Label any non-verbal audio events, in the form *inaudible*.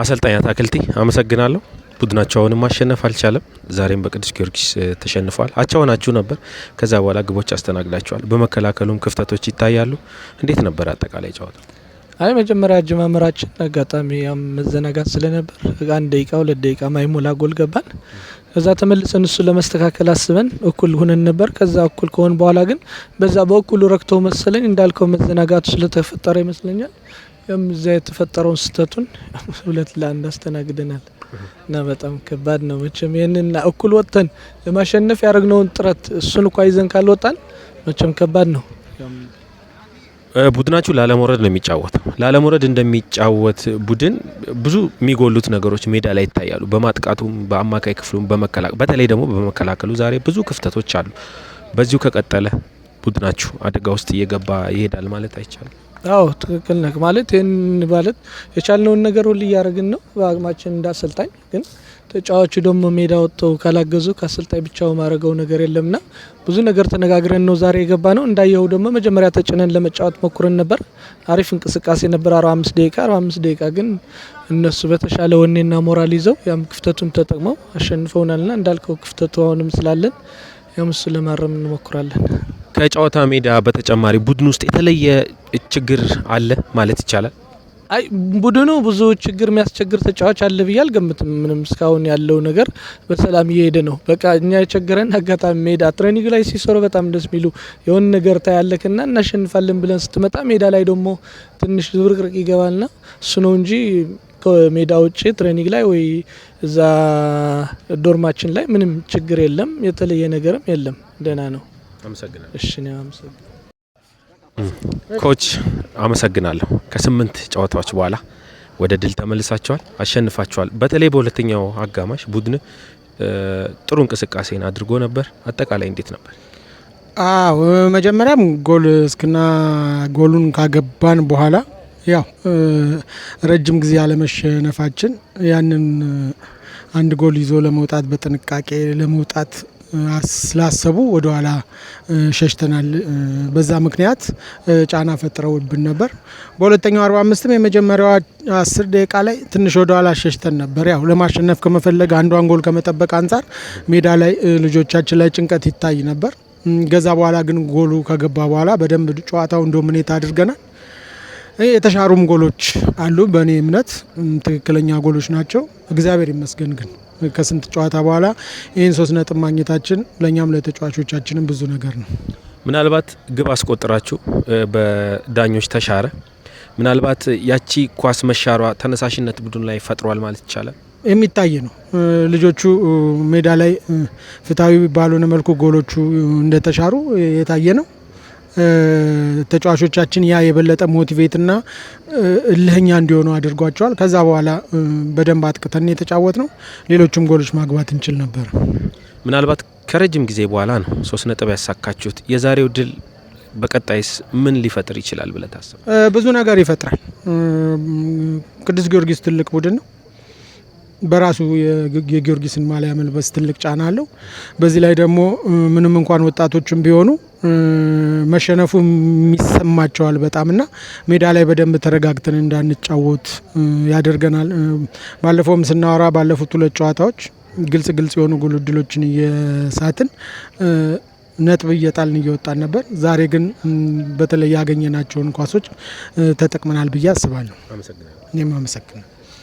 አሰልጣኝ አታክልቲ አመሰግናለሁ። ቡድናቸውንም ማሸነፍ አልቻለም። ዛሬም በቅዱስ ጊዮርጊስ ተሸንፏል። አቻ ሆናችሁ ነበር፣ ከዛ በኋላ ግቦች አስተናግዳቸዋል። በመከላከሉም ክፍተቶች ይታያሉ። እንዴት ነበር አጠቃላይ ጨዋታ? አይ መጀመሪያ አጀማመራችን አጋጣሚ መዘናጋት ስለነበር አንድ ደቂቃ ሁለት ደቂቃ ማይሞላ ጎል ገባን። ከዛ ተመልሰን እሱ ለመስተካከል አስበን እኩል ሁነን ነበር። ከዛ እኩል ከሆን በኋላ ግን በዛ በእኩሉ ረክቶ መሰለኝ እንዳልከው መዘናጋቱ ስለተፈጠረ ይመስለኛል እዛ የተፈጠረውን ስህተቱን *laughs* ሁለት ለአንድ አስተናግደናል እና በጣም ከባድ ነው መቼም ይህንን እኩል ወጥተን ለማሸነፍ ያደረግነውን ጥረት እሱን እኳ ይዘን ካልወጣን መቼም ከባድ ነው። ቡድናችሁ ላለመውረድ ነው የሚጫወተው። ላለመውረድ እንደሚጫወት ቡድን ብዙ የሚጎሉት ነገሮች ሜዳ ላይ ይታያሉ። በማጥቃቱም፣ በአማካይ ክፍሉም፣ በመከላከል በተለይ ደግሞ በመከላከሉ ዛሬ ብዙ ክፍተቶች አሉ። በዚሁ ከቀጠለ ቡድናችሁ አደጋ ውስጥ እየገባ ይሄዳል ማለት አይቻልም። አዎ ትክክል ነህ። ማለት ይህን ማለት የቻልነውን ነገር ሁሉ እያደረግን ነው በአቅማችን እንዳሰልጣኝ። ግን ተጫዋቹ ደግሞ ሜዳ ወጥተው ካላገዙ ከአሰልጣኝ ብቻው ማድረገው ነገር የለምና ብዙ ነገር ተነጋግረን ነው ዛሬ የገባ ነው። እንዳየው ደግሞ መጀመሪያ ተጭነን ለመጫወት ሞክረን ነበር። አሪፍ እንቅስቃሴ ነበር። አርባ ደቂቃ 45 ደቂቃ ግን እነሱ በተሻለ ወኔና ሞራል ይዘው ያም ክፍተቱን ተጠቅመው አሸንፈውናልና እንዳልከው ክፍተቱ አሁንም ስላለን ያም እሱ ለማረም እንሞክራለን። ከጨዋታ ሜዳ በተጨማሪ ቡድን ውስጥ የተለየ ችግር አለ ማለት ይቻላል። አይ ቡድኑ ብዙ ችግር የሚያስቸግር ተጫዋች አለ ብዬ አልገምትም። ምንም እስካሁን ያለው ነገር በሰላም እየሄደ ነው። በቃ እኛ የቸገረን አጋጣሚ ሜዳ ትሬኒንግ ላይ ሲሰሩ በጣም ደስ የሚሉ የሆን ነገር ታያለክና እናሸንፋለን ብለን ስትመጣ ሜዳ ላይ ደግሞ ትንሽ ዝብርቅርቅ ይገባልና እሱ ነው እንጂ ከሜዳ ውጭ ትሬኒንግ ላይ ወይ እዛ ዶርማችን ላይ ምንም ችግር የለም። የተለየ ነገርም የለም። ደህና ነው። አመሰግናለሁ። እሺ፣ አመሰግናለሁ። ኮች አመሰግናለሁ። ከስምንት ጨዋታዎች በኋላ ወደ ድል ተመልሳቸዋል፣ አሸንፋቸዋል። በተለይ በሁለተኛው አጋማሽ ቡድን ጥሩ እንቅስቃሴን አድርጎ ነበር። አጠቃላይ እንዴት ነበር? አዎ መጀመሪያም ጎል እስክና ጎሉን ካገባን በኋላ ያው ረጅም ጊዜ አለመሸነፋችን ያንን አንድ ጎል ይዞ ለመውጣት በጥንቃቄ ለመውጣት ስላሰቡ ወደኋላ ሸሽተናል። በዛ ምክንያት ጫና ፈጥረውብን ነበር። በሁለተኛው 45ም የመጀመሪያው አስር ደቂቃ ላይ ትንሽ ወደኋላ ሸሽተን ነበር። ያው ለማሸነፍ ከመፈለግ አንዷን ጎል ከመጠበቅ አንጻር ሜዳ ላይ ልጆቻችን ላይ ጭንቀት ይታይ ነበር። ገዛ በኋላ ግን ጎሉ ከገባ በኋላ በደንብ ጨዋታው ዶሚኔት አድርገናል። የተሻሩም ጎሎች አሉ። በእኔ እምነት ትክክለኛ ጎሎች ናቸው። እግዚአብሔር ይመስገን ግን ከስንት ጨዋታ በኋላ ይህን ሶስት ነጥብ ማግኘታችን ለእኛም ለተጫዋቾቻችንም ብዙ ነገር ነው። ምናልባት ግብ አስቆጥራችሁ በዳኞች ተሻረ። ምናልባት ያቺ ኳስ መሻሯ ተነሳሽነት ቡድን ላይ ፈጥሯል ማለት ይቻላል። የሚታይ ነው። ልጆቹ ሜዳ ላይ ፍትሐዊ ባልሆነ መልኩ ጎሎቹ እንደተሻሩ የታየ ነው። ተጫዋቾቻችን ያ የበለጠ ሞቲቬትና እልህኛ እንዲሆኑ አድርጓቸዋል። ከዛ በኋላ በደንብ አጥቅተን የተጫወት ነው። ሌሎችም ጎሎች ማግባት እንችል ነበር። ምናልባት ከረጅም ጊዜ በኋላ ነው ሶስት ነጥብ ያሳካችሁት። የዛሬው ድል በቀጣይስ ምን ሊፈጥር ይችላል ብለ ታስብ? ብዙ ነገር ይፈጥራል። ቅዱስ ጊዮርጊስ ትልቅ ቡድን ነው። በራሱ የጊዮርጊስን ማሊያ መልበስ ትልቅ ጫና አለው። በዚህ ላይ ደግሞ ምንም እንኳን ወጣቶችም ቢሆኑ መሸነፉ የሚሰማቸዋል በጣም እና ሜዳ ላይ በደንብ ተረጋግተን እንዳንጫወት ያደርገናል። ባለፈውም ስናወራ ባለፉት ሁለት ጨዋታዎች ግልጽ ግልጽ የሆኑ ጎል እድሎችን እየሳትን ነጥብ እየጣልን እየወጣን ነበር። ዛሬ ግን በተለይ ያገኘናቸውን ኳሶች ተጠቅመናል ብዬ አስባለሁ። እኔም አመሰግናለሁ።